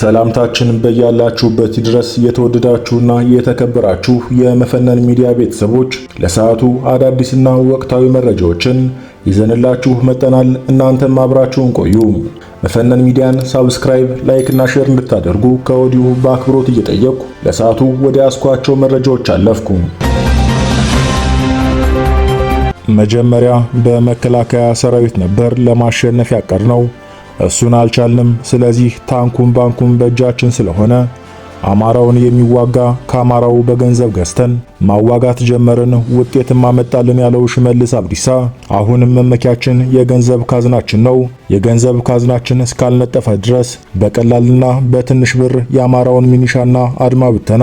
ሰላምታችን በያላችሁበት ድረስ የተወደዳችሁና የተከበራችሁ የመፈነን ሚዲያ ቤተሰቦች ለሰዓቱ አዳዲስና ወቅታዊ መረጃዎችን ይዘንላችሁ መጠናል። እናንተም አብራችሁን ቆዩ። መፈነን ሚዲያን ሳብስክራይብ፣ ላይክ እና ሼር እንድታደርጉ ከወዲሁ በአክብሮት እየጠየቅኩ ለሰዓቱ ወደ ያስኳቸው መረጃዎች አለፍኩ። መጀመሪያ በመከላከያ ሰራዊት ነበር ለማሸነፍ ያቀድነው እሱን አልቻልንም። ስለዚህ ታንኩም ባንኩም በእጃችን ስለሆነ አማራውን የሚዋጋ ከአማራው በገንዘብ ገዝተን ማዋጋት ጀመርን፣ ውጤትም አመጣልን ያለው ሽመልስ አብዲሳ አሁንም መመኪያችን የገንዘብ ካዝናችን ነው። የገንዘብ ካዝናችን እስካልነጠፈ ድረስ በቀላልና በትንሽ ብር የአማራውን ሚኒሻና አድማ ብተና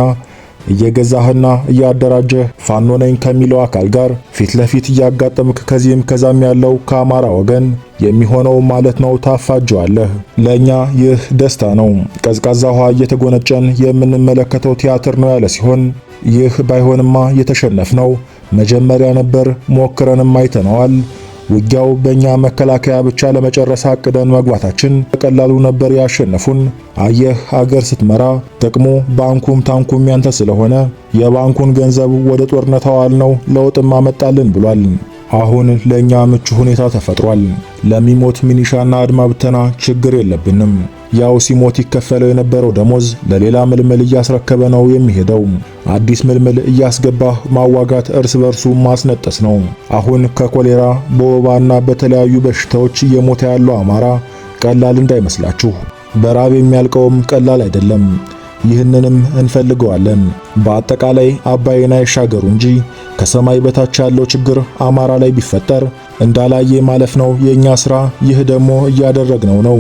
እየገዛህና እያደራጀህ ፋኖ ነኝ ከሚለው አካል ጋር ፊት ለፊት እያጋጠምክ ከዚህም ከዛም ያለው ከአማራ ወገን የሚሆነው ማለት ነው። ታፋጀዋለህ። ለእኛ ይህ ደስታ ነው። ቀዝቃዛ ውሃ እየተጎነጨን የምንመለከተው ቲያትር ነው ያለ ሲሆን ይህ ባይሆንማ የተሸነፍነው መጀመሪያ ነበር። ሞክረንም አይተነዋል። ውጊያው በእኛ መከላከያ ብቻ ለመጨረስ አቅደን መግባታችን በቀላሉ ነበር ያሸነፉን። አየህ አገር ስትመራ ጥቅሙ ባንኩም ታንኩም ያንተ ስለሆነ የባንኩን ገንዘብ ወደ ጦርነት አዋል ነው ለውጥም አመጣልን ብሏል። አሁን ለእኛ ምቹ ሁኔታ ተፈጥሯል። ለሚሞት ሚኒሻና አድማ ብተና ችግር የለብንም። ያው ሲሞት ይከፈለው የነበረው ደሞዝ ለሌላ ምልምል እያስረከበ ነው የሚሄደው። አዲስ ምልምል እያስገባህ ማዋጋት፣ እርስ በርሱ ማስነጠስ ነው። አሁን ከኮሌራ በወባና በተለያዩ በሽታዎች እየሞተ ያለው አማራ ቀላል እንዳይመስላችሁ። በራብ የሚያልቀውም ቀላል አይደለም። ይህንንም እንፈልገዋለን። በአጠቃላይ አባይን አይሻገሩ እንጂ ከሰማይ በታች ያለው ችግር አማራ ላይ ቢፈጠር እንዳላየ ማለፍ ነው የኛ ስራ። ይህ ደግሞ እያደረግነው ነው።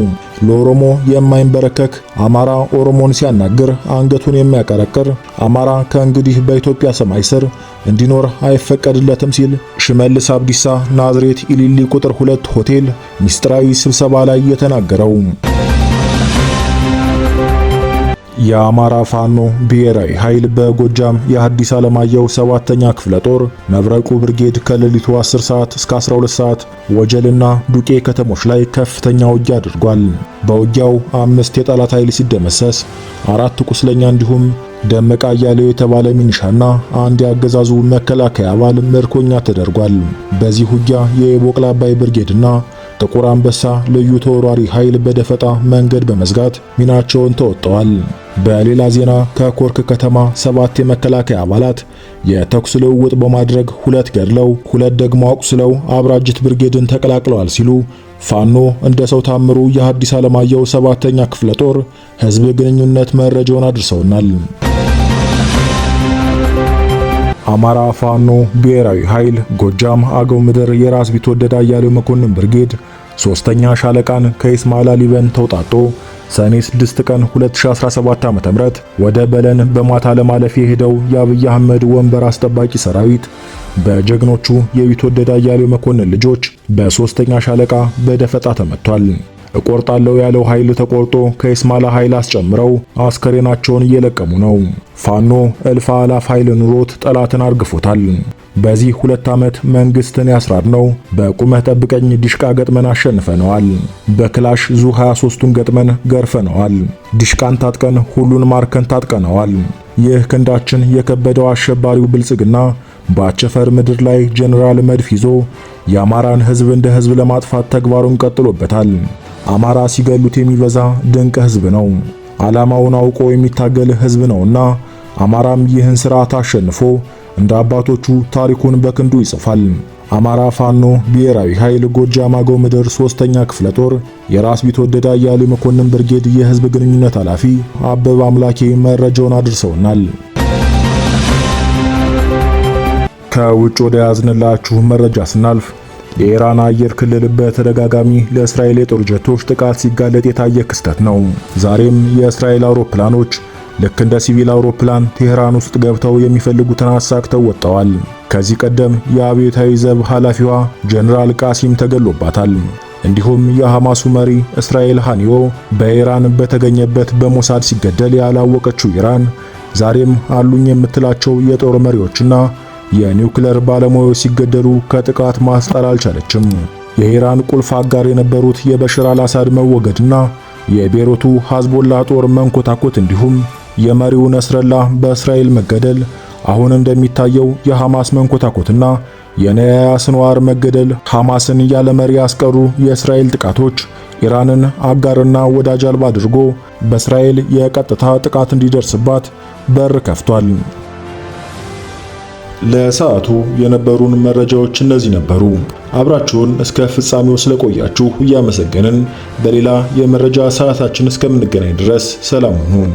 ለኦሮሞ የማይንበረከክ አማራ ኦሮሞን ሲያናግር አንገቱን የሚያቀረቅር አማራ ከእንግዲህ በኢትዮጵያ ሰማይ ስር እንዲኖር አይፈቀድለትም ሲል ሽመልስ አብዲሳ ናዝሬት ኢሊሊ ቁጥር ሁለት ሆቴል ሚስጥራዊ ስብሰባ ላይ የተናገረው የአማራ ፋኖ ብሔራዊ ኃይል በጎጃም የሐዲስ ዓለማየሁ ሰባተኛ ክፍለ ጦር መብረቁ ብርጌድ ከሌሊቱ 10 ሰዓት እስከ 12 ሰዓት ወጀልና ዱቄ ከተሞች ላይ ከፍተኛ ውጊያ አድርጓል። በውጊያው አምስት የጠላት ኃይል ሲደመሰስ፣ አራት ቁስለኛ እንዲሁም ደመቃ አያሌው የተባለ ሚኒሻና አንድ የአገዛዙ መከላከያ አባል ምርኮኛ ተደርጓል። በዚህ ውጊያ የቦቅላ አባይ ብርጌድና ጥቁር አንበሳ ልዩ ተወሯሪ ኃይል በደፈጣ መንገድ በመዝጋት ሚናቸውን ተወጥተዋል። በሌላ ዜና ከኮርክ ከተማ ሰባት የመከላከያ አባላት የተኩስ ልውውጥ በማድረግ ሁለት ገድለው ሁለት ደግሞ አቁስለው አብራጅት ብርጌድን ተቀላቅለዋል ሲሉ ፋኖ እንደ ሰው ታምሩ የሐዲስ ዓለማየሁ ሰባተኛ ክፍለ ጦር ሕዝብ ግንኙነት መረጃውን አድርሰውናል። አማራ ፋኖ ብሔራዊ ኃይል ጎጃም አገው ምድር የራስ ቢትወደድ አያሌው መኮንን ብርጌድ ሶስተኛ ሻለቃን ከኢስማላ ሊበን ተውጣጦ ሰኔ 6 ቀን 2017 ዓ.ም ወደ በለን በማታ ለማለፍ የሄደው የአብይ አህመድ ወንበር አስጠባቂ ሰራዊት በጀግኖቹ የቢትወደድ አያሌው መኮንን ልጆች በሶስተኛ ሻለቃ በደፈጣ ተመቷል። እቆርጣለሁ ያለው ኃይል ተቆርጦ ከኢስማላ ኃይል አስጨምረው አስከሬናቸውን እየለቀሙ ነው። ፋኖ እልፍ አላፍ ኃይል ኑሮት ጠላትን አርግፎታል። በዚህ ሁለት ዓመት መንግስትን ያስራድ ነው። በቁመህ ጠብቀኝ ዲሽቃ ገጥመን አሸንፈነዋል። በክላሽ ዙ 23ቱን ገጥመን ገርፈነዋል። ዲሽቃን ታጥቀን ሁሉን ማርከን ታጥቀነዋል። ይህ ክንዳችን የከበደው አሸባሪው ብልጽግና በአቸፈር ምድር ላይ ጀነራል መድፍ ይዞ የአማራን ህዝብ እንደ ህዝብ ለማጥፋት ተግባሩን ቀጥሎበታል። አማራ ሲገሉት የሚበዛ ድንቅ ህዝብ ነው። ዓላማውን አውቆ የሚታገል ህዝብ ነውና አማራም ይህን ስርዓት አሸንፎ እንደ አባቶቹ ታሪኩን በክንዱ ይጽፋል። አማራ ፋኖ ብሔራዊ ኃይል ጎጃም አገው ምድር ሶስተኛ ክፍለ ጦር የራስ ቢትወደድ ያሉ መኮንን ብርጌድ የህዝብ ግንኙነት ኃላፊ አበብ አምላኬ መረጃውን አድርሰውናል። ከውጭ ወደ ያዝንላችሁ መረጃ ስናልፍ የኢራን አየር ክልል በተደጋጋሚ ለእስራኤል የጦር ጀቶች ጥቃት ሲጋለጥ የታየ ክስተት ነው። ዛሬም የእስራኤል አውሮፕላኖች ልክ እንደ ሲቪል አውሮፕላን ቴህራን ውስጥ ገብተው የሚፈልጉትን አሳክተው ወጥተዋል። ከዚህ ቀደም የአብዮታዊ ዘብ ኃላፊዋ ጀነራል ቃሲም ተገሎባታል። እንዲሁም የሐማሱ መሪ እስራኤል ሃኒዮ በኢራን በተገኘበት በሞሳድ ሲገደል ያላወቀችው ኢራን ዛሬም አሉኝ የምትላቸው የጦር መሪዎችና የኒውክሌር ባለሙያዎች ሲገደሉ ከጥቃት ማስጣል አልቻለችም። የኢራን ቁልፍ አጋር የነበሩት የበሽር አልአሳድ መወገድና የቤሮቱ ሐዝቦላ ጦር መንኮታኮት እንዲሁም የመሪው ነስረላ በእስራኤል መገደል አሁን እንደሚታየው የሐማስ መንኮታኮትና የነያያ ስንዋር መገደል ሐማስን ያለ መሪ ያስቀሩ የእስራኤል ጥቃቶች ኢራንን አጋርና ወዳጅ አልባ አድርጎ በእስራኤል የቀጥታ ጥቃት እንዲደርስባት በር ከፍቷል። ለሰዓቱ የነበሩን መረጃዎች እነዚህ ነበሩ። አብራችሁን እስከ ፍጻሜው ስለቆያችሁ እያመሰገንን በሌላ የመረጃ ሰዓታችን እስከምንገናኝ ድረስ ሰላም ሁኑ።